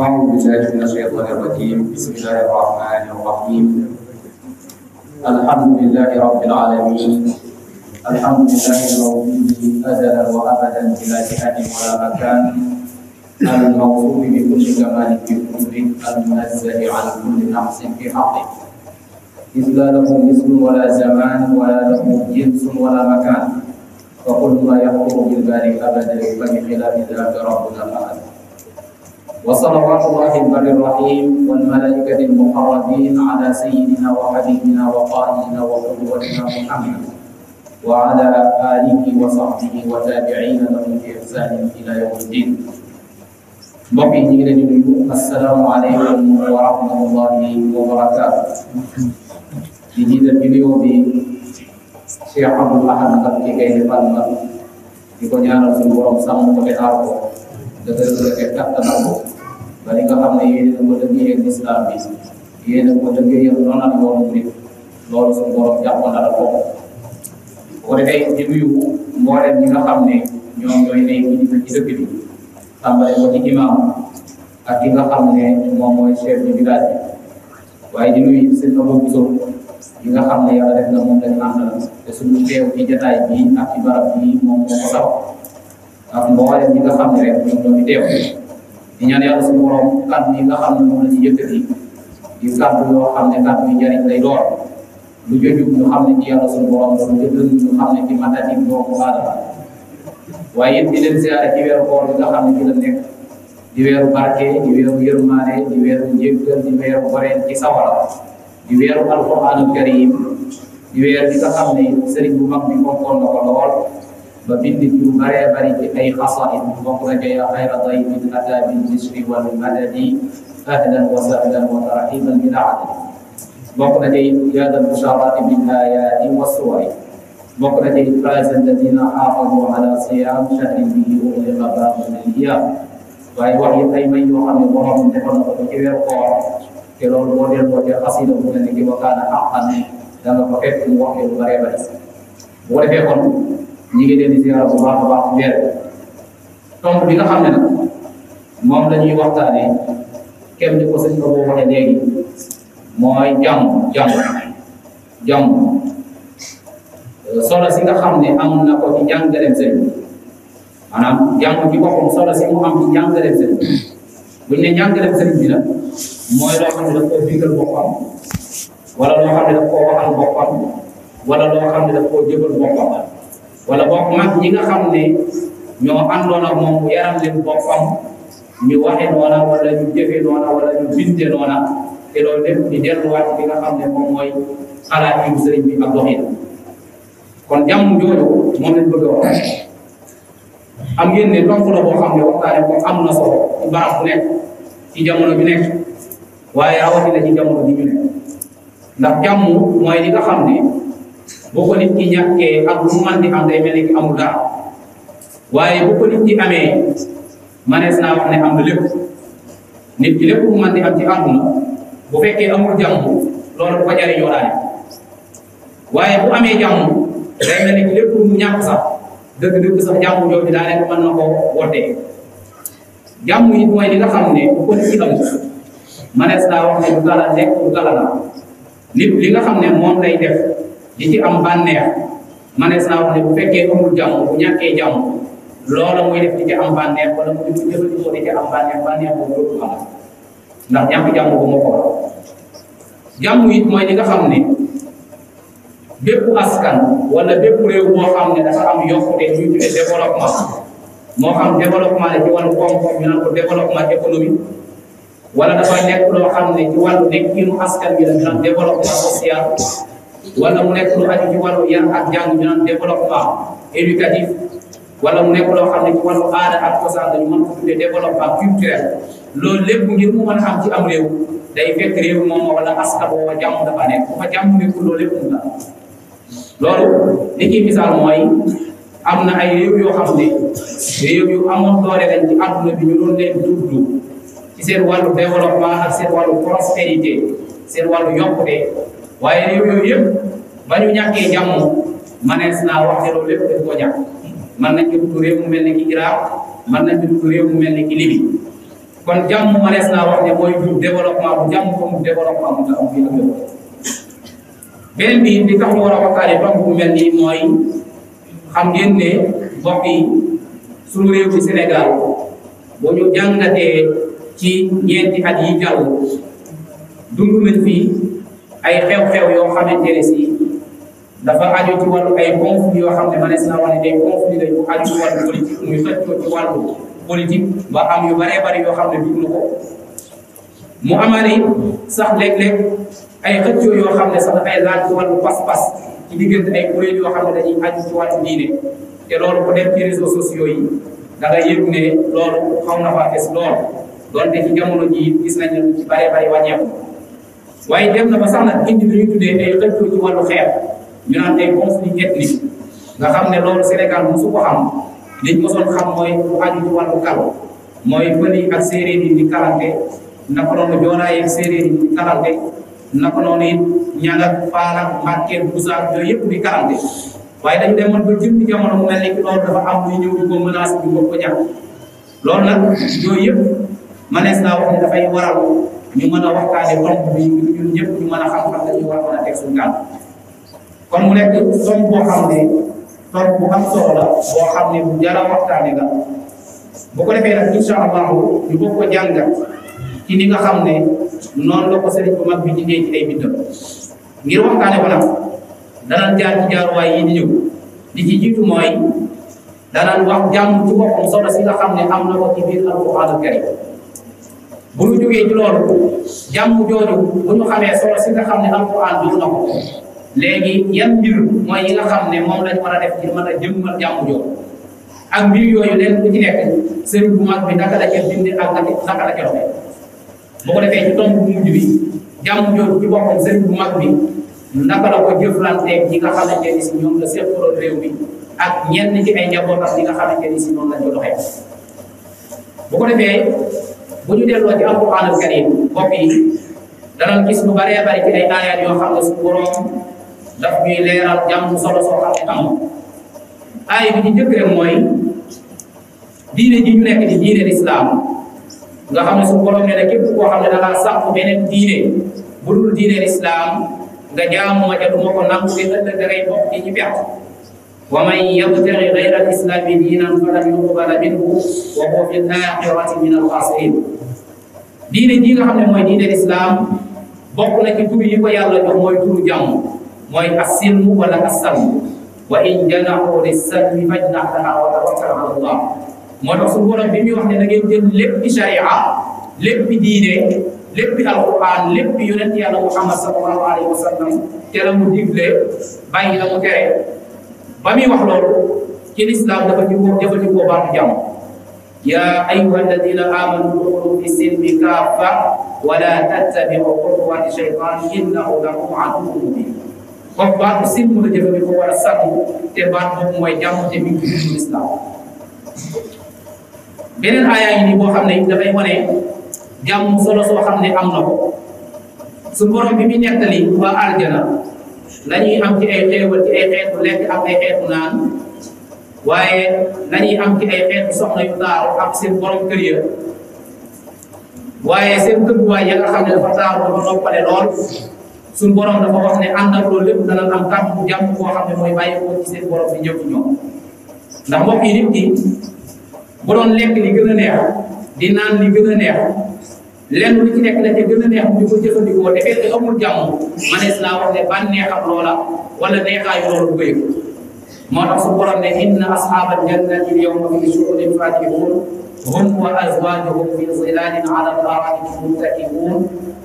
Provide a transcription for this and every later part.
أعوذ بالله من الشيطان الرجيم بسم الله الرحمن الرحيم الحمد لله رب العالمين الحمد لله الذي أزلا وأبدا بلا جهة ولا مكان الموصوف بكل كمال في كله المنزه عن كل نقص في حقه إذ لا له مثل ولا زمان ولا له جنس ولا مكان وكل ما يخطر بالبال أبدا فبخلاف ذاك ربنا الأحد وصلوات الله البر الرحيم والملائكة المقربين على سيدنا وحبيبنا وقائدنا وقدوتنا محمد وعلى آله وصحبه وتابعين لهم بإحسان إلى يوم الدين mbokk yi ñu ngi leen di nuyu asalaamaaleykum wa rahmatullahi wa barakaatu di jiital vidéo bi Cheikh Abdoul Ahad Mbacké Gaïndé Fatma di ko ñaanal suñu borom sàmm ko te aar ko dëgg-dëgg kattanal ko ba li nga xam ne yéen a ko lëggee islam bi yéen a ko lëggee yéen noonu ak yoonu murid loolu suñu borom jàppandal ko bu ko defee di nuyu mbooleem ñi nga xam ne ñoom ñooy nekk ci dëkk bi tàmbale ko ci imam ak ki nga xam ne moom mooy chef de village bi waaye di nuyu seen bopp bu yi nga xam ne yàlla def na moom lañ àndal te suñu teew ci jataay bi ak ci barab bi moom moo ko taw ak mbooleem ñi nga xam ne rek ñoom ñoo fi teew. di ñaan yàlla suñu borom kàddu yi nga xam ne moom la ci yëkkati di kàddu xam ne kàddu yi njariñ lay doon lu jëju ñu xam ne ci yàlla suñu borom la lu jëjël xam ne ci matati doomu aadama waaye it di leen siyaare ci weeru koor i nga xam ne ci la barke di weeru yërmaane di weeru njéggal di weeru goreel ci sawara di weeru alquranul karim di xam ne sëriñ bu mag bi fonkoon na ko ba bind lu bëree bëri ci ay xasaayid bokk na ja yaa xayra dayfin ataa bil bishri wal madadi ahlan wa sahlan wa tarhiban bil adadi bokk na ja yaa dal busharati bil ayaati wa suwari bokk na ja faaza alladina xaafadu ala siyaam shahrin bihi uxliqa baabun al iyaam waaye wax yi ay may yoo xam ne borom defoon na ko ci weer koor te loolu boo delloo ci xasida bu mel ni ki wa kaana xaqan da nga ko fekk mu wax lu bëree bëri bu ko defee kon ñu ngi leen di ziar bu baax a baax weer bi nga xam ne nag moom lañuy waxtaane waxtaanee kenn di ko sëñ ko boo waxee léegi mooy jàmm jàmm jàmm solo si nga xam ne am na ko ci jàngaleem sëñ maanaam jàmm ci boppam solo si mu am ci jàngaleem sëñ bu ñu ne jàngaleem bi la mooy loo xam ne daf koo digal boppam wala bokk mag ñi nga xam ne ñoo àndoon ak moom mu yaram leen boppam ñu waxe noona wala ñu jëfe wala ñu binde noona te loolu lépp di delluwaat bi xam ne moom mooy xalaat yu sëriñ bi ak kon jàmm jooju moom lañ bëgg a wax am ngeen ne tomb la na solo ci barab jamono bi nekk waaye rawatina ci jamono bi ñu nekk ndax mooy li xam ne boo ko nit ki ñàkkee ak lu man di am day mel ni ki dara waaye bu ko amee manees naa wax ne am na lépp nit ki lépp lu man di am ci àdduna bu fekkee amul jàmm yi mooy li nga xam ne bu ko nit ki amul manees naa wax ne du dara nekk du dara la nit li nga xam ne moom lay def di ci am bànneex manees naa wax ne bu fekkee amul jàmm bu ñàkkee jàmm loola muy def di ci am bànneex wala mu di jëfandikoo di bànneex bànneex boobu dootul jàmm bu ma ko war jàmm it xam ne bépp askan wala bépp réew moo xam ne dafa am yokkute ñu tuddee développement moo xam développement la ci wàllu koom-koom ñu naan ko développement économique wala dafa nekk loo xam ne ci wàllu nekkinu askan bi la ñu social wala mu nekk lu aju ci wàllu yar ak jàng ñu naan développement éducatif wala mu nekk loo xam ne ci wàllu aada ak cosaan dañu mën ko tuddee développement loolu lépp ngir mu mën a am ci am réew day fekk réew moom wala askan booba jàmm dafa nekk bu fa jàmm loolu lépp mu loolu li ciy am na ay réew yoo xam ne réew yu amoon doole lañ ci àdduna bi ñu doon leen dudd ci seen wàllu développement ak seen wàllu prospérité seen wàllu yokkute waaye réew yooyu yëpp ba manees naa wax te lépp dañ koo ñàkk mën nañ ci réew mu mel ne ki Irak mën nañ ci réew mu mel ni ki Libye kon jàmm manees naa wax ne mooy développement bu jàmm comme développement bu nga am fii ak beneen bi di tax mu war a waxtaane tomb bu mel nii mooy xam ngeen ne mbokk yi suñu réew ci Sénégal boo ñu jàngatee ci ñeenti at yi jàll dund nañ fii ay xew-xew yoo xam ne si dafa aju ci wàllu ay conflit yoo xam ne manees naa wax ne day conflit la yu ci wàllu politique ba am yu baree bari yoo xam ne dugg na ko mu amaale sax léeg-léeg ay xëccoo yoo xam ne sax dafay laaj ci wàllu pas-pas ci diggante ay kuréel yoo xam ne dañuy aju ci wàllu diine te loolu ku dem ci réseaux sociaux yi da nga yëg ne loolu xaw na faa fes lool doonte ci jamono ji gis nañ ne lu ci waaye dem na ba sax nag indi lu ñu tuddee ay xëccoo ñu naan ay conflit ethnique nga xam ne loolu Sénégal mosu ko xam liñ mosoon xam mooy lu aju ci kal mooy pël yi ak séeréer yi di kalante naka noonu joolaa yeeg séeréer yi di kalante naka noonu it ñaŋ ak faal ak mbàkkeel busaak yooyu yëpp di kalante waaye dañu demoon ba jëm jamono mu mel ni loolu dafa am luy ñëw di ko menace di ko ko loolu nag yooyu yëpp. manees naa wax ne dafay waral ñu mën a waxtaane tomb ñu mën a xam xam dañu war a mën a teg suñu kàddu xam ne tomb bu xam ne bu jar a waxtaane la bu defee nag ñu bokk ko jàngat ci ni nga xam ne noonu la wax jàmm ci boppam solo si nga xam ne am na ko ci biir alquran al karim bu ñu jógee ci loolu jooju bu ñu xamee solo si nga xam ne alquran bi na léegi yan mbir mooy yi nga xam ne moom lañ mën a def ngir mën a jëmmal jàmm jooju ak mbir yooyu leen ku ci bu mag bi naka la ca bind ak naka la ca doxee ko defee ci bi jàmm jooju ci boppam sëriñ bu mag bi naka la ko jëflanteeg ñi nga xam ni si ñoom la seqaloon réew mi ak ñenn ci ay njabootam ñi nga xam ni si ñoom lañ ko bu ko defee. bu ñu delloo ci alquran al karim bopp yi danañ gis lu bëree bëri ci ay ayat yoo xam ne su daf ñuy leeral jàmm solo soo xam diine ji nekk di diine lislaam nga xam ne su borom ne ne képp koo xam ne da ngaa sàq beneen diine bu dul diine lislaam nga jaamoo ja du ma ko nangu bi ëllëg da di ci ومن يبتغي غير الاسلام دينا فلن يقبل منه وهو في الاخره من الخاسرين diine ji nga xam ne mooy diine lislaam bokk na ci tur yi ko yàlla jox mooy turu jàmm mooy assilmu wala assalmu wa in janaxu lissalmi fajnax laha wa tawakkal ala allah moo tax suñu borom bi muy wax ne da ngeen jël lépp ci sharia lépp diine lépp alquran lépp yonent yàlla muhammad sallallahu alayhi wa sallam te la mu digle bàyyi la mu tere ba muy wax loolu ci lislaam dafa jubóo jëfandikoo baatu jàmm yaa ayyuha alladina amanu duxulu fi silmi kaafa wala tattabiu xutuwaati shaytan innahu lakum aduwwun mubin kon baatu silmu la jëfandikoo wala sàmm te baat boobu mooy jàmm te mi ngi ci lislaam beneen aaya yi ni boo xam ne dafay wane jàmm solo soo xam ne am na ko su borom bi mi nettali waa aljana lañuy am ci ay xeewal ci ay xeetu lekk ak ay xeetu naan waaye lañuy am ci ay xeetu soxna yu taaru ak seen borom kër waaye seen këdduwaay ya nga xam ne dafa taaru dafa noppale lool suñu dana am kàddu bu jàmm koo xam ne mooy bàyyi ko ci seen borom bi ndax mbokk yi nit ki bu lekk li gën a neex di naan li gën a neex lenn lu ci nekk la te gën a neex ñu ko jëfandikoo te fekk amul jàmm manees naa wax ne ban neexam loola wala neexaayu loolu du koy moo tax su borom ne inna ashaabal jannati l-yawma fii shughulin faakihuun hum wa azwaajuhum fii zilaalin alaa l-araa'iki muttaki'uun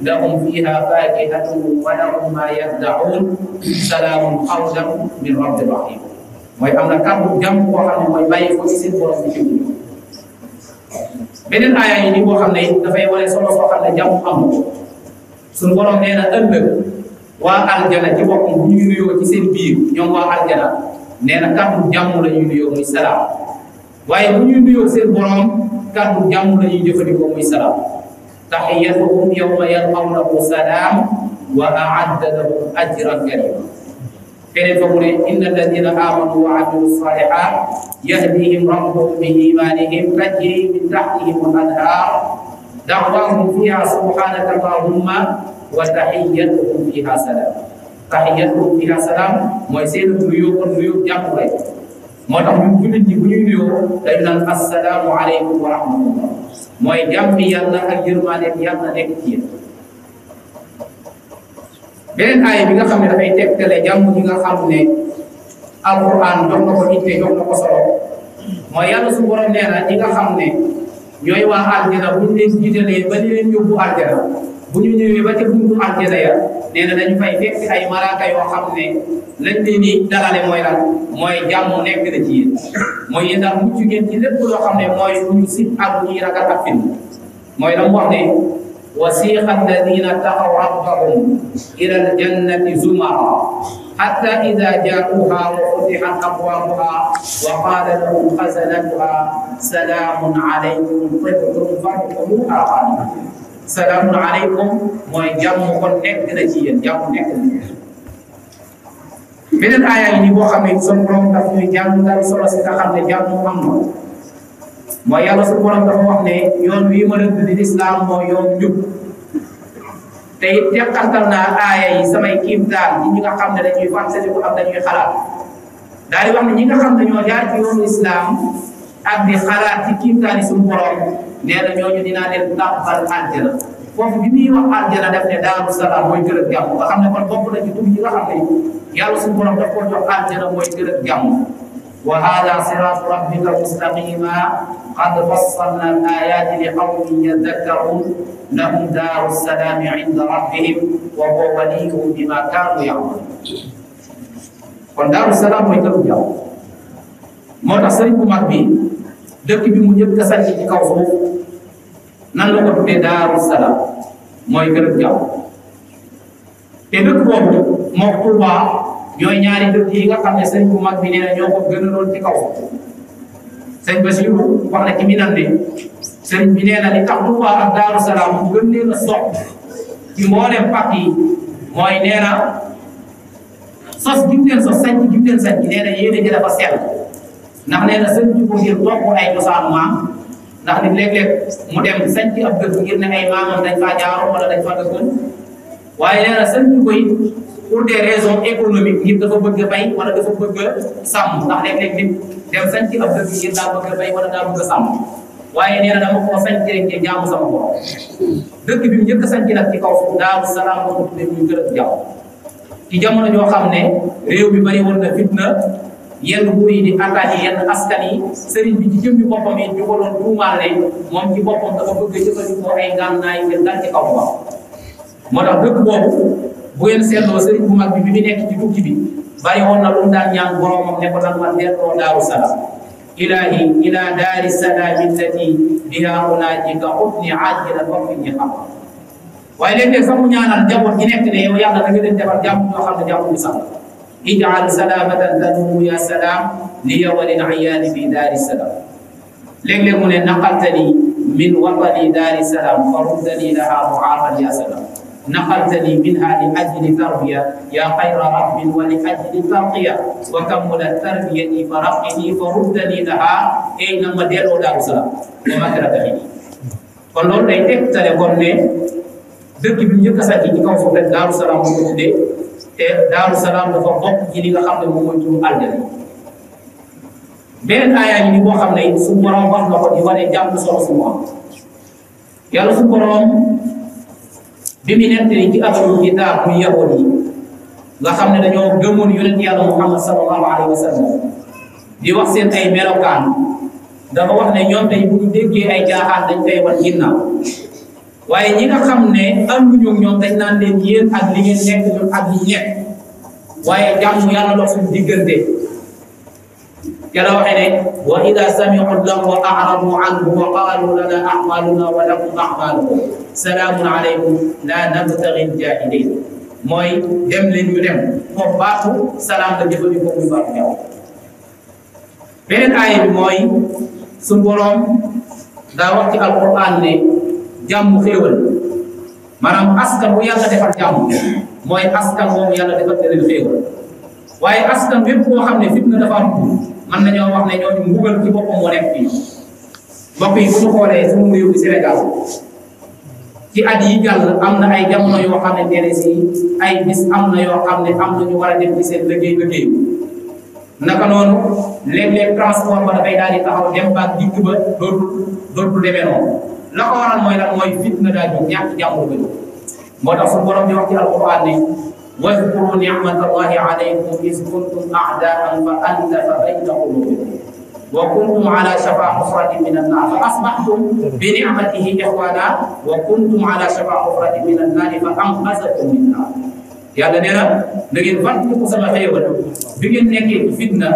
lahum fiihaa faakihatun wa lahum maa yadda'uun salaamun qawlan min rabbin rahiim mooy am na kàddu jàmm koo xam ne mooy bàyyi ko ci seen borom bi beneen aaya yi boo xam ne dafay wane solo soo xam ne jàmm amul suñu borom nee na ëllëg waa aljana ci boppam bu ñuy nuyoo ci seen biir ñoom waa aljana nee na kàddu jàmm la ñuy nuyoo muy salaam waaye bu ñuy nuyoo seen borom kàddu jàmm la ñuy jëfandikoo muy salaam taxiyatuhum yawma yalqawnahu salaam wa aadda lahum ajran karima keneen fa mu ne inna alladina amanu wa amilu salihat yahdihim rabbuhum bi imanihim tajri min tahtihim al anhar da'wahum fiha subhanaka allahumma wa tahiyyatuhum fiha salam tahiyyatuhum fiha salam mooy seen nuyoo kon nuyoo jàpp lay moo tax ñun jullit ñi bu ñuy nuyoo dañu naan assalaamu aleykum wa rahmatullah mooy jàmm yàlla ak yërmaande yàlla nekk ci yéen benn aaya bi nga xam ne dafay tegtale jàmm ji nga xam ne alquran jox na ko itte jox na solo mooy yàlla su borom nee na ñi nga xam ne ñooy waa aljana bu ñu leen jiitalee ba ñu bu ñu ñëwee ba ca buntu aljana na dañu fay fekk ay malaaka yoo xam ne lañ leen di dalale mooy lan mooy jàmm nekk na ci mooy yéen a mucc ngeen ci lépp loo xam ne mooy lu ñu sib ak lu ñuy ragal ak fin mooy la mu ne وسيق الذين اتقوا ربهم إلى الجنة زمرا حتى إذا جاءوها وفتحت أبوابها وقال لهم خزنتها سلام عليكم طبتم فادخلوها خالدين سلام عليكم mooy jàmm kon nekk na ci yéen jàmm nekk na ci yéen. beneen aaya yi boo xam ne sunu borom daf ñuy jàmm daal solo si nga xam ne jàmm am na mooy yàlla suñu borom dafa wax ne yoon wii ma rëdd di lislaam moo yoon njub te it teqantal naa aaya yi samay kiimtaan ñi nga xam ne dañuy fàttaliku am dañuy xalaat daal di wax ñi nga xam ne ñoo jaar ak di xalaat ci kiimtaan yi suñu ñooñu dinaa leen tàbbal àjjana foofu bi muy wax àjjana def ne daaru salaam mooy kër ak jàmm nga xam ne kon bokk na ci tur nga xam ne yàlla suñu borom daf ko jox àjjana mooy kër ak وهذا صراط ربك مستقيما قد فصلنا الآيات لقوم يذكرون لهم دار السلام عند ربهم وهو وليهم بما كانوا يعملون kon daaru salaam mooy këru jàmm moo tax sëriñ bu mag bi dëkk bi mu njëkk a sànni ci kaw suuf nan la ko tuddee daaru salaam mooy këru jàmm te dëkk boobu moo Tuubaa ñooy ñaari dëkk yi nga xam ne sëñ bu mag bi nee na ñoo ko gënaloon ci kaw sëñ Basiru wax na ci minan bi sëñ bi nee na li tax Touba ak Daaru Salaam mu gën leen a sopp ci mboolem pàcc yi mooy nee na sos sañ gi mu leen sañ nee na yéene ji dafa ndax nee na sëñ bi ko mu dem sañ ci ab dëkk ne ay maamam dañ faa jaaroon dañ faa dëkkoon waaye nee na sëñ bi ko pour des raisons économiques nit dafa bëgg a bay wala dafa bëgg a ndax léeg-léeg nit dem sañ ci ngir daa bëgg a bay wala daa bëgg a sàmm waaye nee na dama koo sañ bi mu a sañ ci nag ci kaw Daaru Salaam moo ci jamono joo xam ne réew mi bari woon na fitna yenn buur yi di attaqué yenn askan yi sëriñ bi ci jëm bi boppam it ñu ko doon tuumaal ne moom ci boppam dafa bëgg a jëfandikoo ay ngànnaay ngir dal ci kaw ba moo tax dëkk boobu bu ngeen seetloo sëriñ bu mag bi bi nekk ci tukki bi bari woon na lu mu daan ñaan boromam ne ko nan ma delloo daaru salaam ilahi ila daari salaam illati biha unaajika utni ajila fafini xam waaye léeg-léeg sax mu ñaanal njaboot ñi nekk ne yow yàlla da nga leen defar bi sax ijal salamatan tadumu ya salaam liya wa lil iyaali fi daari salaam léeg min watani daari salaam fa ruddani laha muaafan ya salaam نقلتني منها لأجل تربية يا خير رب ولأجل ترقية وكملت تربيتي فرقني فردني لها أينما ديرو دارسا وما كرتني kon loolu day tegtale kon ne dëkk bi njëkk a sàcc ci kaw foofu rek Daaru Salaam moo ko tuddee te Daaru Salaam dafa bokk ci li nga xam ne moom mooy turu àjjana beneen aaya yi boo xam ne suñu borom wax na ko di wane jàmm solo su mu am yàlla suñu bi mu nettali ci ahlul kitaab bu yahuud yi nga xam ne dañoo gëmoon yonent yàlla muhammad sallallahu alayhi wa sallam di wax seen dafa wax ne ñoom tey bu ñu ay caaxaan dañ koy wan ginnaaw waaye ñi nga xam ne ànduñu ñoom dañ naan leen yéen ak li ngeen nekk ñun ak ñi nekk waaye jàmm yàlla la suñu diggante wa ida samiu lahu wa aradu anhu wa qaalu lana amaluna wa lakum amalukum salaamun aleykum laa nabtaghi jaahiliin mooy dem leen ñu dem moom baatu salaam la jëfandikoo muy baatu ñëw beneen aaya mooy suñu boroom daa wax ci alquran ne jàmm xéewal maanaam askan bu yàlla defal jàmm mooy askan moom yàlla defal te leen waaye askan bépp koo xam ne fitna dafa am mën nañoo wax ne ñooñu mbugal ci boppam nekk fii bu ñu xoolee suñu réew bi Sénégal ci at yi jàll am na ay jamono yoo xam ne teere si ay bis am na yoo xam ne am na ñu war a dem ci seen liggéey liggéey naka noonu léeg transport ba dafay daal di taxaw dem ba ak dikk ba dootul dootul demee noonu la ko waral mooy lan mooy fitna daal jóg ñàkk jàmm ba jóg moo tax suñu borom di wax ci alquran ne wazkuru alaykum iz kuntum a'daan fa allafa bayna qulubikum wa kuntum ala shafa hufratin a annar fa asbahtum bi ni'matihi ikhwana wa kuntum ala shafa hufratin min annar fa anqazakum minha yàlla nee na na ngeen fàttaliku sama xéewal bi ma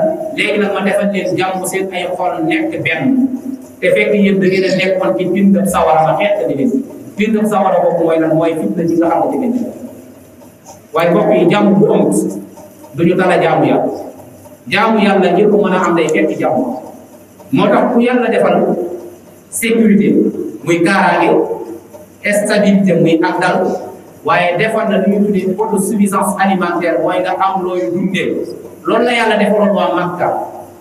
defal leen jàmm seen ay xol nekk benn te fekk yéen da ngeen a nekkoon ci bindam sawara ma xeet di leen bindam sawara boobu mooy lan mooy fitna ci nga xam ne ci waaye mbokk yi jàmm bu amut du ñu dala jaamu yàlla jaamu yàlla ngir ko mën a am day fekk jàmm moo tax ku yàlla defal sécurité muy kaaraange stabilité muy ak dal waaye defal na lu ñu tuddee autosuffisance alimentaire mooy nga am looyu dundee loolu la yàlla defaloon waa Makka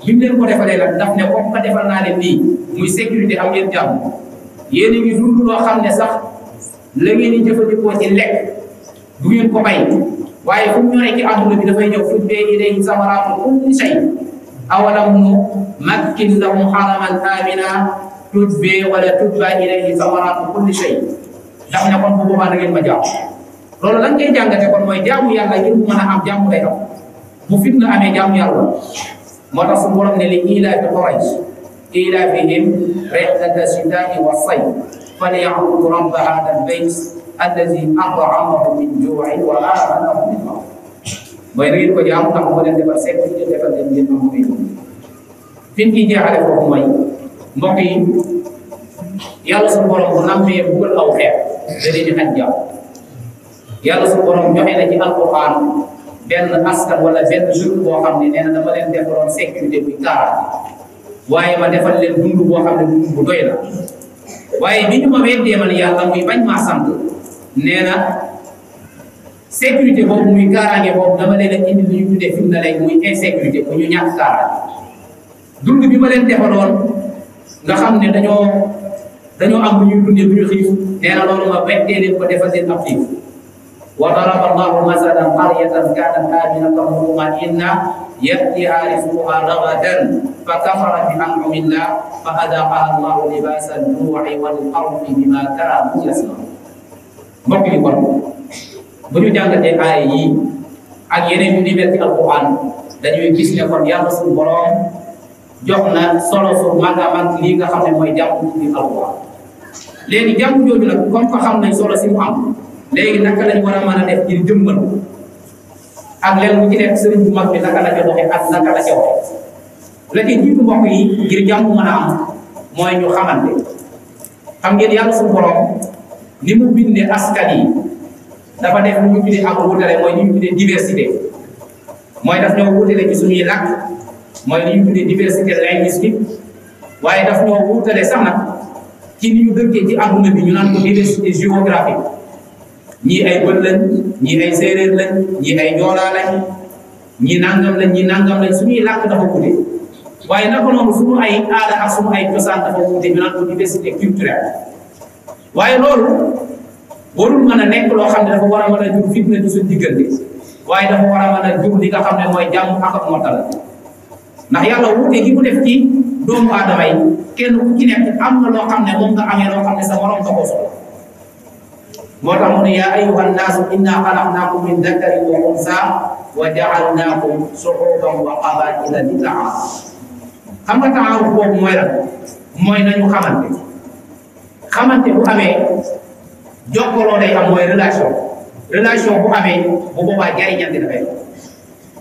bi mu leen ko defalee nag daf ne comme naa leen nii muy sécurité am ngeen jàmm yéen a ngi dund loo xam ne sax la ngeen di jëfandikoo ci lekk du ngeen ko bay waaye fu mu ñoree ci àdduna dafay ñëw fu mu dee ilayhi samaraatu kulli shay awalam nu makkin lahum xaraman amina tutbe wala tutba ilayhi samaratu kulli shay ndax ne kon bu boobaa da ngeen ma jaamu loolu lan ngay jàngate kon mooy jaamu yàlla ngir mu mën a am jaamu lay am bu fitna amee jaamu yàlla moo tax su borom ne li ilaafi Quraysh ilaafihim rihlata shitaai wa sayf falyabudu rabba hada albayt allazi at'amahum min juuin wa aamanahum min xawf mooy da ngeen ko jaamu ndax moo leen defal seen fi ngeen defal leen ngeen moom koy fi ñu ciy jeexale foofu mooy mbokk yi yàlla bu nammee buggal aw xeet da leen di xaj jàmm yàlla su borom joxe na benn askan wala benn groupe boo xam ne nee na dama leen defaloon sécurité bu kaaraange waaye ma defal leen dund boo xam ne dund bu doy la waaye bi ma weddee man yàlla muy bañ maa sant nee sécurité boobu muy kaaraange boobu dama leen a indi lu ñu tuddee fi mu ne léegi muy insécurité bu ñu ñàkk kaaraange dund bi ma leen defaloon nga xam ne dañoo am lu ñuy dundee lu ñu xiif nee na loolu ma wettee leen ko defal seen xiif wa daraba allahu masalan qaryatan kaanat aaminatan mutma'inna ya'tihaa rizquhaa ragadan fa kafarat bi an'amillah fa adaqaha allahu libaasa al-juu'i wal-khawfi bimaa kaanu yasna'uun mbokk yi kon bu ñu jàngatee aaya yi ak yeneen yu ni mel ci alquran dañuy gis ne kon yàlla suñu borom jox na solo su mag a lii nga xam ne mooy jàpp ci alquran léegi jàpp jooju nag comme ko xam nañ solo si mu am léegi naka lañ war a mën a def ngir jëmmal ak leen mu ci nekk sëriñ bu mag bi naka ngir jàmm mën mooy ñu xamante xam ngeen yàlla suñu borom ni mu bindee askan yi dafa def lu ñu tuddee ak wutale mooy li ñu tuddee diversité mooy daf ñoo wutale ci suñuy làkk mooy li ñu tuddee diversité linguistique waaye daf ñoo wutale sax nag ci ni ñu dëkkee ci adduna bi ñu naan ko diversité géographique ñii ay Pël lañ ñii ay séeréer lañ ñii ay joolaa lañ ñii nangam lañ ñii nangam lañ suñuy làkk dafa wute waaye naka noonu suñu ay aada ak suñu ay cosaan dafa wute ñu naan ko diversité waaye loolu. warul mën a nekk loo xam ne dafa war a mën a jur fitna a mën a jur li nga xam ne mooy jàmm ak ak mottal ndax yàlla wuute gi mu doomu aadama kenn ku ci nekk am na loo xam ne moom nga amee loo xam ne sa morom da koo ne yaa ayyuhan naasu inna xalaqnaakum min dakarin wa unsaa wa jaalnaakum shuuban boobu mooy lan mooy nañu xamante xamante bu amee. jokkaloo day a mooy relation relation bu amee bu boobaa jariñante dafay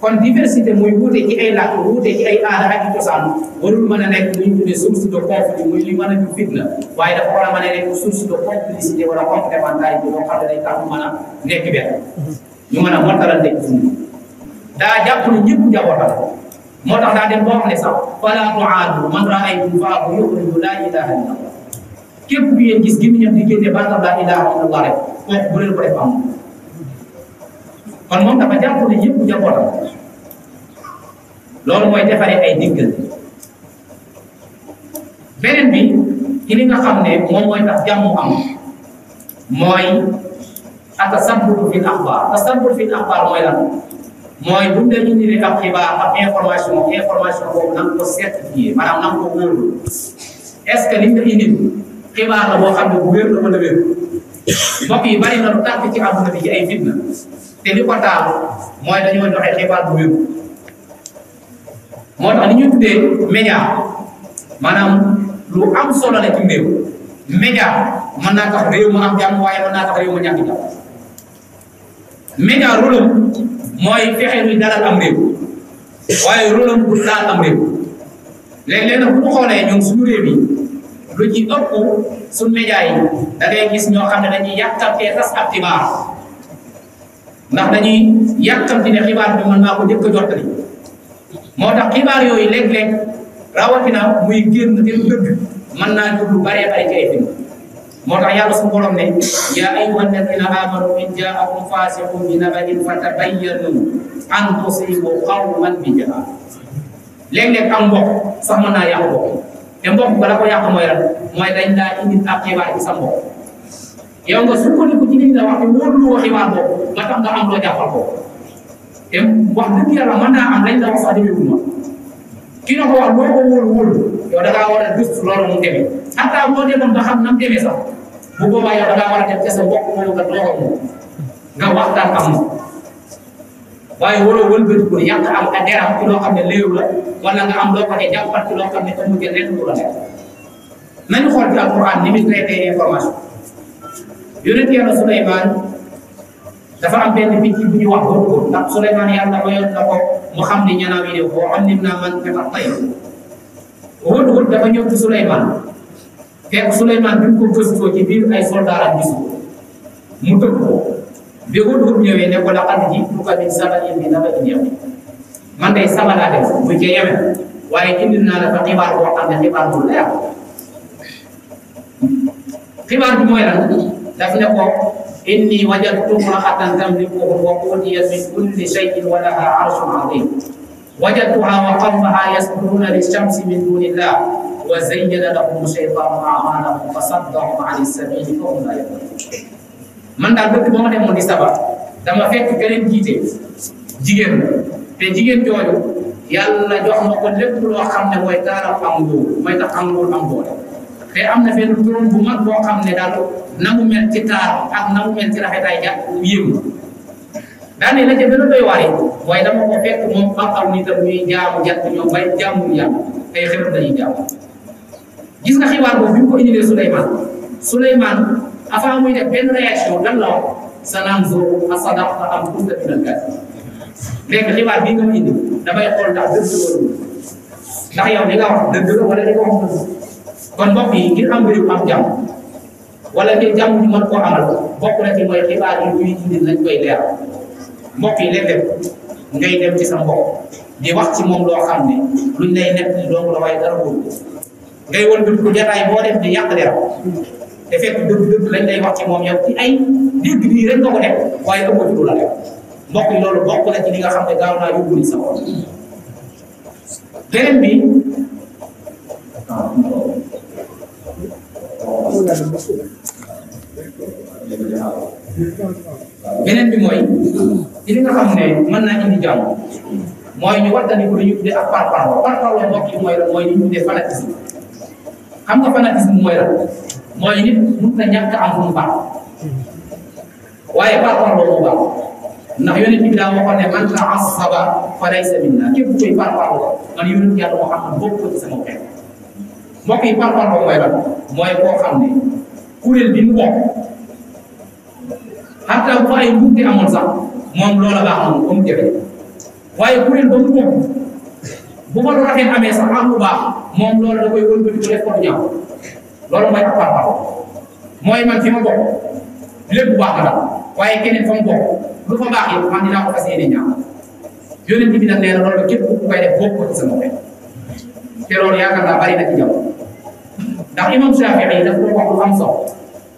kon diversité muy wuute ci ay làkk wuute ci ay aada ak cosaan warul mën a nekk lu ñu tuddee source de conflit muy li mën a ñu fitna waaye dafa war a mën a nekk source de complicité wala complémentarité boo xam ne day tax mu mën a nekk benn ñu mën a mottalante dund daa jàpp ne ñëpp njabootam moo tax daa dem boo xam ne sax fala tuaadu man raaytum faahu yuxriju laa ilaaha illa képp ku ngeen gis gémmiñam di génne baatam laa ilaaha illallah rek bu leen ko def am kon moom dafa jàpp ne ñëpp njabootam loolu mooy defaree ay diggal beneen bi ci li nga xam ne moom mooy tax jàmm am mooy atasabbur fil axbaar tasabbur fil axbaar mooy lan mooy bu ñu leen indee ab xibaar ak information information boobu na nga ko certifié maanaam na nga ko wóorlu est ce que li nga indil. xibaar la boo xam ne bu wér la mbokk yi bari na lu tàkk ci àdduna bi ci ay fitna te li ko mooy dañoo joxe xibaar bu moo tax li ñu tuddee média maanaam lu am solo la ci néew naa tax réew mu am jàmm waaye mën naa tax réew mu ñàkk jàmm média mooy fexe luy dalal am réew waaye rôlam bu daal am réew léeg-léeg nag bu ñu xoolee ñun suñu réew lu ci ëpp suñ média yi gis ñoo xam ne dañuy yàkkamtee tas ab xibaar ndax dañuy yàkkamti bi mën naa ko njëkk a jottali moo tax xibaar yooyu léeg-léeg rawatina muy génn dem naa jur lu baree bari ay film moo tax yàlla suñu borom ne yaa ayyuha alladina amanu in jaakum fasiqun bi nabain fatabayyanu an tusibu qawman bi jahala léeg-léeg am mbokk sax mën naa yàqu te mbokk bala ko yàq mooy lan mooy dañ laa a ab xibaar ci sa mbokk yow nga sukkandiku ci nit la wax am loo jàppal ko te wax dëgg yàlla mën naa am la ma na ko wax loo ko wóolu wóolu yow da a gëstu loolu mu demee xataa boo demoon nga xam nam demee sax bu boobaa yow da ngaa a dem ca sa mbokk moom nga doog a waxtaan ak moom waaye waroo wëlbati ko yàq am a deram ci loo xam ne léew la wala nga am loo xam ne jàppal ci xam ne amu ca xool ci dafa am benn picc bu ñu wax boobu mu xam ne ñanaaw yi def boo xam naa man dafa tay wóot wóot dafa ñëw ci Suleymaan fekk Suleymaan bi ko gëstoo ci biir ay soldat ak gisu mu tëgg ko bi Hudhud ñëwee ne ko laqad ji'tuka bi sabarin bi naba'in yaqin man day saba laa def muy ca Yemen waaye indil naa la fa xibaar boo xam ne xibaar bu leer xibaar bi mooy lan daf ne ko inni wajadtu imra'atan tamlikuhum wa utiyat min kulli shay'in wa laha arshun 'azim wajadtuha wa qawmaha yasjuduna lish-shamsi min dunillah wa zayyana lahum shaytanu a'malahum fa saddahum 'ani s-sabili fa hum la yahtadun man daal dëkk ba ma demoon di sabar dama fekk beneen jiite jigéen te jigéen jooju yàlla jox ma ko lépp loo xam ne mooy taaral am ngóor mooy tax am ngóor am boole te am na benn turam bu mag boo xam daal nangu mel ci taar ak nangu mel ci rafetaay jàpp yéemu daane la ca gën doy waar waaye dama ko fekk moom xam-xam ni tam ñuy jaamu jàpp ñoom waaye jaamu yàlla tey jaamu gis nga xibaar boobu bi mu ko indilee Souleymane Souleymane avant muy def benn réaction lan la wax a sadaqta am ndax dëgg li nga wax dëgg la wala li nga wax dëgg kon mbokk yi ngir am réew am jàmm wala ngir jàmm ñu mën koo amal bokk na ci mooy xibaar yi ñuy indi nañ koy leer mbokk yi léeg-léeg ngay dem ci sa mbokk di ci moom loo xam ne luñ lay nekk nii dong la dara wóorul ngay wëlbati ko jataay boo de di yàq leer te fekk dëgg-dëgg lañ lay wax ci moom yow ci ay dégg nii rek nga ko def loolu bokk na ci li nga xam ne gaaw naa yóbbu ni sa bi beneen bi mooy ci li nga xam ne mën naa indi jàmm mooy ñu wattandi ko lu ñu tuddee yi mooy la mooy li ñu tuddee fanatisme xam nga fanatisme mooy la mooy nit mun na ñàkk am fu mu baax waaye baax loolu baax ndax yonent bi daa waxoon ne man ta'assaba la man yonent yàlla moo xam ne bokk ko ci baax baax mooy lan xam ne kuréel bi mu bokk xataa bu ay mbuuti sax moom loola baax moom comme waaye kuréel ba mu bokk bu ko amee sax am baax moom loola da koy wëlbati ko def ko loolu mooy ak xam-xam man fi ma bokk waaye keneen fa mu bokk lu fa baax it man dinaa ko fas yéene ñaan yonent bi nag nee na loolu képp ku koy def bokk ko ci sama xel te loolu yaakaar naa bari na ci jaww ndax imam Shafii daf ko wax lu am solo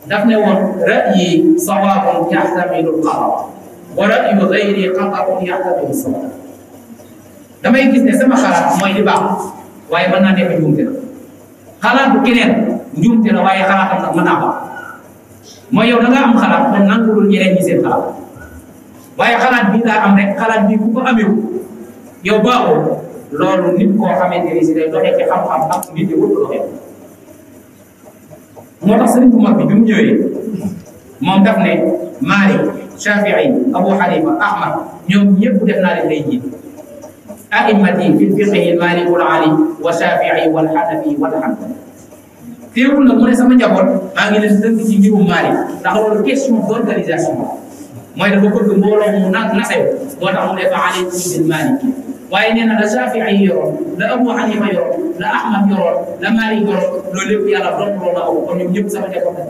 daf ne woon ra'yi sawaabun yaxtamilu al-xata wa ra'yu gayri xata'un ne sama xalaat mooy li baax waaye mën naa nekk njuumte la xalaat keneen njuumte la waaye xalaatam sax mën naa baax mooy yow da ngaa am xalaat kon nangulul ñeneen ñi seen xalaat waaye xalaat bii laa am rek xalaat bii ku ko amewu yow baaxoo loolu nit koo xamante ni si day doxee ci xam-xam ak nit ñi moo tax sëriñ bu mag bi bi mu ñëwee moom daf ne Maalik Shafii Abu Hanifa Ahmad ñoom ñëpp def naa leen lay jiit a'immati fi fiqhi Maalikul Ali wa Shafii wal Hanafi wal Hanbali teewul na mu ne sama njaboot maa ngi leen dëkk ci mbirum maali ndax loolu question d' organisation mooy dafa bëgg mbooloo mu na nasew moo tax mu ne fa aleykum bil maali waaye nee na la Shaafi'i yoroon la Abu Hanifa yoroon la Ahmad yoroon la Maalik yoroon loolu lépp yàlla doon loolu la ko kon ñoom ñëpp sama njaboot la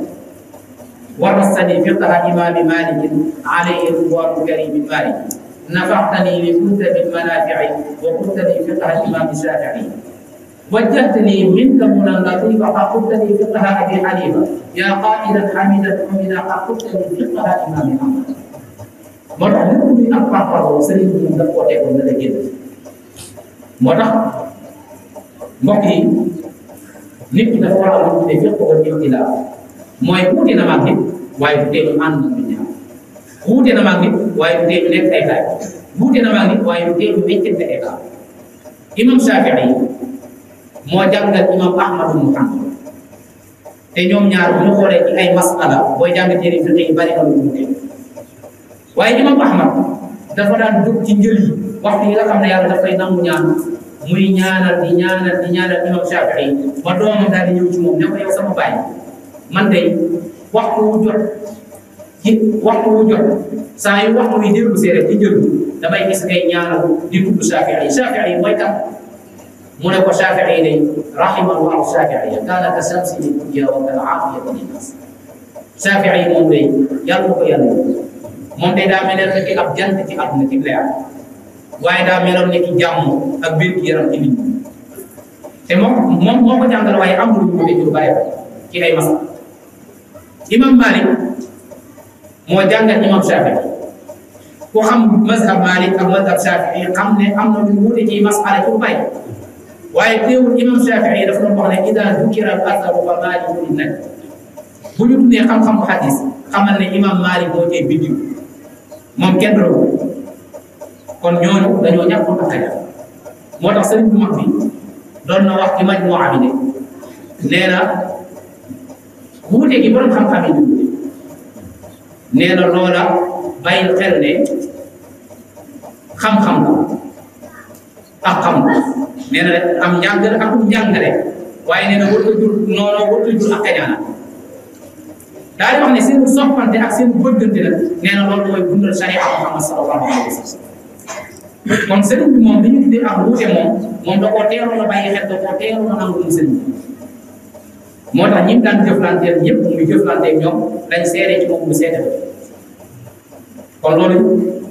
warasani fiqha imaami Maalik alayhi ridwaanu kariimin Maalik nafaxtani li kunta bil manaafi'i wa kunta li fiqha imaami Shaafi'i وجهتني منك مناقتي وحققتني فقه ابي حنيفه يا قائدا حميدا حميدا حققتني فقه امام احمد moo tax lépp luy ak parparloo sëriñ bi moom daf koo tegoon na la génn moo tax mbokk yi nit ki dafa war a am te fépp ko ixtilaaf mooy wuute na mag nit waaye du tee ñu ànd ñu ñaar wuute na mag nit waaye du tee ñu nekk ay laaj wuute na mag nit waaye du tee ñu moo jàngal imam ahmad ibn hanbal te ñoom ñaar bu ñu xoolee ci ay masala booy jàng téere fiqh yi bari na lu mu waaye imam dafa daan dugg ci njël yi waxtu yi nga xam ne yàlla dafay nangu ñaan muy ñaanal di ñaanal di ñaanal imam Shaafi'i ba doomam di ñëw ci moom gis ngay ñaanal di mooy kan mu ne ko Shaafi'i day rahimahullahu Shaafi'i kaana ka shamsi dunya wa kal aafiyati lin naas Shaafi'i moom day yàlla ko yàlla moom day daa meloon ni ki ab jant ci àdduna ci leer waaye daa meloon ki jàmm ak biir ki yaram ci te moom moom moo ko jàngal waaye amul lu mu lu bari ci ay masal imam Malik moo imam Shaafi'i ku xam mazhab Malik ak mazhab Shaafi'i xam ne am na lu wuute ci masala ci lu waaye teewul imam Shafii i doon wax ne ida dukira al asaru fa maaliku nag bu ñu tuddee xam-xamu xadis xamal ne imam Maalik moo cay biddiw moom kenn la kon ñooñu dañoo ñàkkul ak xajal moo tax sëriñ bu mag bi doon na wax ci majmuwa bi ne nee na wuute xam-xam yi loola bàyyil xel ne xam-xam ak xam nee na rek am njàngale akum njàngale waaye nee na warut a jur noonu ak kañaana daal di wax ne seen soppante ak seen bëggante la nee na loolu mooy dundal sariya Muhammad sallallahu alayhi wa kon sëriñ bi moom li ñu tuddee am wuute moom moom da koo teeloon a bàyyi xel da koo teeloon a nangu sëriñ bi moo tax ñi daan jëflanteel ñëpp muy jëflanteeg ñoom lañ seeree ci moom bu kon loolu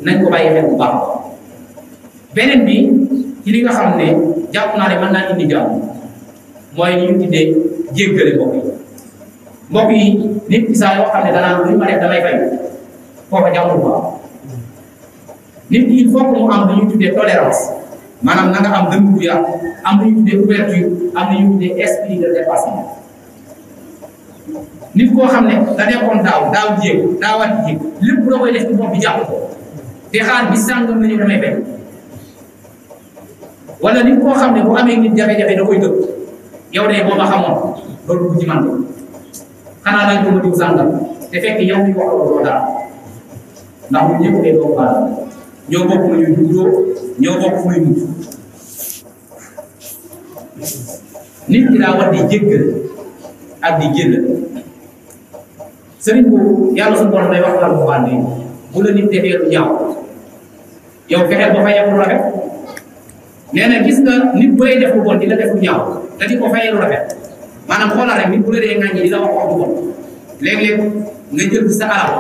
nañ ko bàyyi xel bu baax beneen bi ci nga xam ne jàpp naa ne mën naa indi jàmm mooy ñu tuddee jéggale mbokk yi mbokk yi nit ki saa yoo xam ne danaa lu ma def damay fay foofa jàmmul baax nit ki il faut am lu ñu koo xam ne da nekkoon daaw daaw jéeg daawaati jéeg lépp loo koy def ci bi jàpp ko te xaar bi sàngam la ñu damay fay wala nit koo xam ne bu amee nit jafe-jafe da koy dëpp yow de boo ma xamoon loolu bu ci man xanaa ko ma diw sàngal te fekk yow mi wax ko daal ndax ñun ñëpp ay doomu aadama ñoo bokk fu ñuy juddoo ñoo bokk fu ñuy mujj nit ki daa war di jéggal ak di jëllal sëriñ boobu yàlla suñu borom day wax bu baax bu la nit defee lu ñaaw fexeel ba fa yem lu rafet nee gis nga nit booy def lu bon di la def lu ñaaw da di ko fayee lu rafet maanaam xoolal rek nit bu la dee ŋàññi di la wax lu bon léeg nga jël sa alal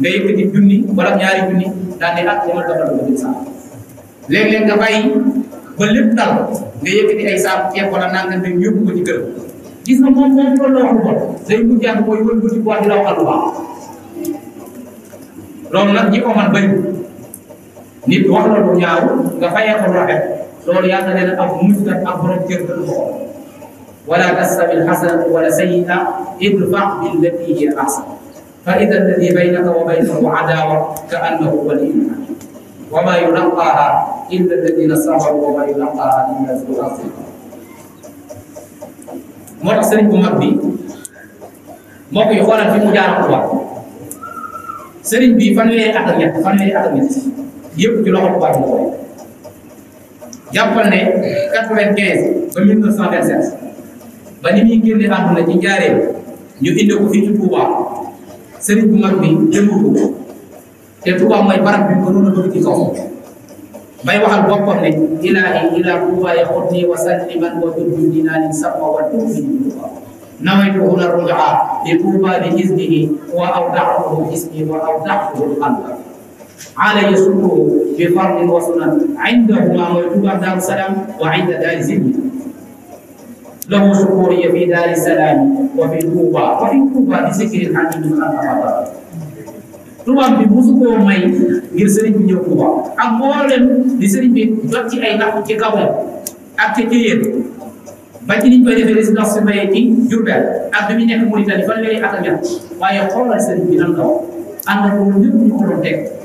nga yëkkati junni wala ñaari junni daal di ak ah, demal defal lu bëgg sax léeg-léeg nga bàyyi ba lépp dal nga yëkkati ay saabu ceeb wala nangam dem yóbbu ko ci kër gis nga moom moom loolu lu bon day mujj mooy wël bu ci bois di la waxal lu baax loolu nag ñi ko man bëri nit wax la lu ñaaw nga fayee ko loolu yàlla nee na ak mucc ak borom kër du ko wala tastawi xasan wala sayyi'a idfa' billati hiya ahsan fa ida alladi baynaka wa baynahu adawa ka annahu waliyyun hamim wa ma yulaqaaha illa alladina sabaru wa ma yulaqaaha illa zu azim moo tax sëriñ bu mag bi moo koy xoolal fi mu jaar Tuubaa sëriñ bi fanweeri at ak ñett fanweeri at ak ñett yëpp ci loxo Tuubaa jàppal ne quatre-vingt-quinze ba mille neuf cent vingt-sept ba ni muy génne àdduna ci njaaree ñu indi ko fii ci Touba sëriñ bu mag bi jëmbu ko te Touba mooy barab bi ko noonu bëgg ci kaw bay waxal boppam ne ilaahi ilaa Touba ya xutni wa salliman wa jubbi dinaalin sabwa wa tuubi Touba nawaytu huna rujaa li Touba bi isnihi wa awdaxtuhu isni wa awdaxtuhu alqalb على يسوره بفرض وسنن عندهما ويكون دار السلام وعند دار زبنه له سرورية في دار السلام وفي الكوبا وفي الكوبا بذكر الحميد من الأخبار tubaab bi musu koo may ngir bi ñëw Touba ak mboolem di sëriñ bi jot ci ay napp ci Gabon ak ca Thiéyène ba ci niñ koy defee résidence surveillée ci Diourbel mu nekk Mauritanie fanweeri at ak ñett waaye xoolal sëriñ bi nan la wax ànd ak loolu ko doon teg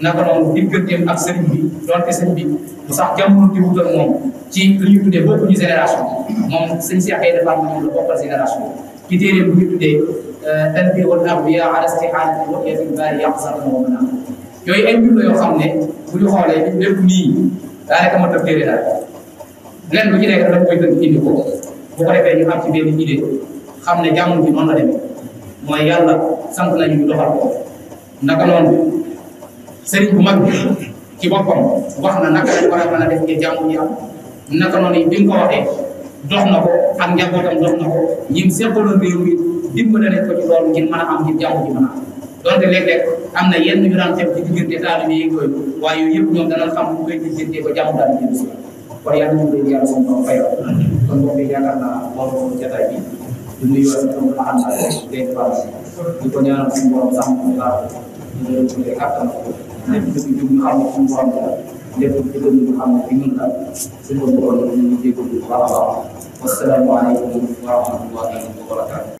naka noonu digganteem ak sëriñ bi doonte sëriñ bi mu sax jamono di wutal moom ci li ñu tuddee bokkuñu génération moom sëñ Cheikh ay defar moom la bokkal génération ci téere bu ñu tuddee euh, tanbi wal awliya ala istihaalati waqiya fil baari yaqsatan wa mana yooyu ay mbir la yoo xam ne bu ñu xoolee lépp nii daanaka ma tëb téere daal lenn lu ci nekk dañ koy tënk indi ko bu ko defee ñu am ci benn idée xam ne jamono bi noonu la demee mooy yàlla sant nañu ñu doxal ko naka noonu sëriñ bu mag ci wax na naka lañ war a mën a def ngir jaamu yàlla naka noonu bi ko waxee dox na ko ak njabootam dox na ko ñim seqaloon réew mi dimbale ko ci loolu ngir mën a am ngir jaamu ji mën a am donte am na yenn ñu daan xew ci diggante taalibe yi yooyu waaye yooyu yëpp ñoom danañ xam bu koy diggante ba jàmm daal di si kon yàlla ñu ngi yàlla moom moo fayal kon moom yaakaar naa borom jotaay bi du nuyu wala du ma àndal day ko ñaanal suñu borom sàmm bu baax di leen tuddee lépp dëkk bi ñu xam ne suñu borom la lépp dëkk bi ñu xam ne fi ñun la suñu borom la ñu jégalu bu baax a baax wasalaamaaleykum wa rahmatullahi wa barakatuh